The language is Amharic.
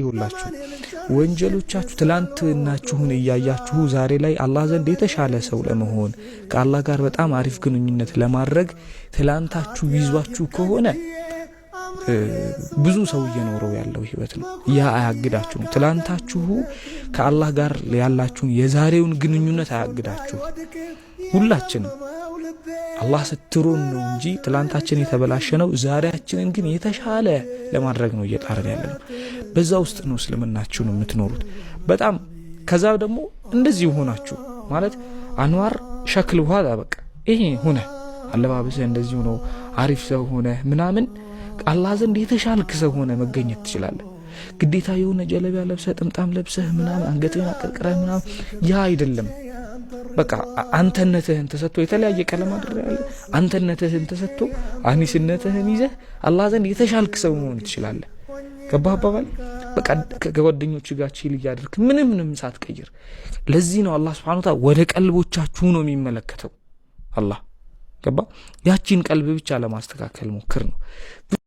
ይውላችሁ ወንጀሎቻችሁ ትላንትናችሁን እያያችሁ ዛሬ ላይ አላህ ዘንድ የተሻለ ሰው ለመሆን ከአላህ ጋር በጣም አሪፍ ግንኙነት ለማድረግ ትላንታችሁ ይዟችሁ ከሆነ ብዙ ሰው እየኖረው ያለው ህይወት ነው። ያ አያግዳችሁም። ትላንታችሁ ከአላህ ጋር ያላችሁን የዛሬውን ግንኙነት አያግዳችሁ ሁላችንም አላህ ስትሩን ነው እንጂ ትላንታችን የተበላሸ ነው። ዛሬያችንን ግን የተሻለ ለማድረግ ነው እየጣረን ያለ ነው። በዛ ውስጥ ነው እስልምናችሁ ነው የምትኖሩት። በጣም ከዛ ደግሞ እንደዚህ ሆናችሁ ማለት አንዋር ሸክል ውሃ በቃ ይሄ ሆነ አለባበስህ እንደዚሁ ነው። አሪፍ ሰው ሆነ ምናምን አላህ ዘንድ የተሻልክ ሰው ሆነ መገኘት ትችላለህ። ግዴታ የሆነ ጀለቢያ ለብሰህ ጥምጣም ለብሰህ ምናምን አንገትህን አቀርቅረህ ምናምን ያ አይደለም በቃ አንተነትህን ተሰጥቶ የተለያየ ቀለም አድር ያለ አንተነትህን ተሰጥቶ አኒስነትህን ይዘህ አላህ ዘንድ የተሻልክ ሰው መሆን ትችላለህ። ገባህ አባባል? በቃ ከጓደኞች ጋር ችል እያደርክ ምንም ምንም ሳትቀይር። ለዚህ ነው አላህ ሱብሓነሁ ወተዓላ ወደ ቀልቦቻችሁ ነው የሚመለከተው። አላህ ገባ ያቺን ቀልብ ብቻ ለማስተካከል ሞክር ነው።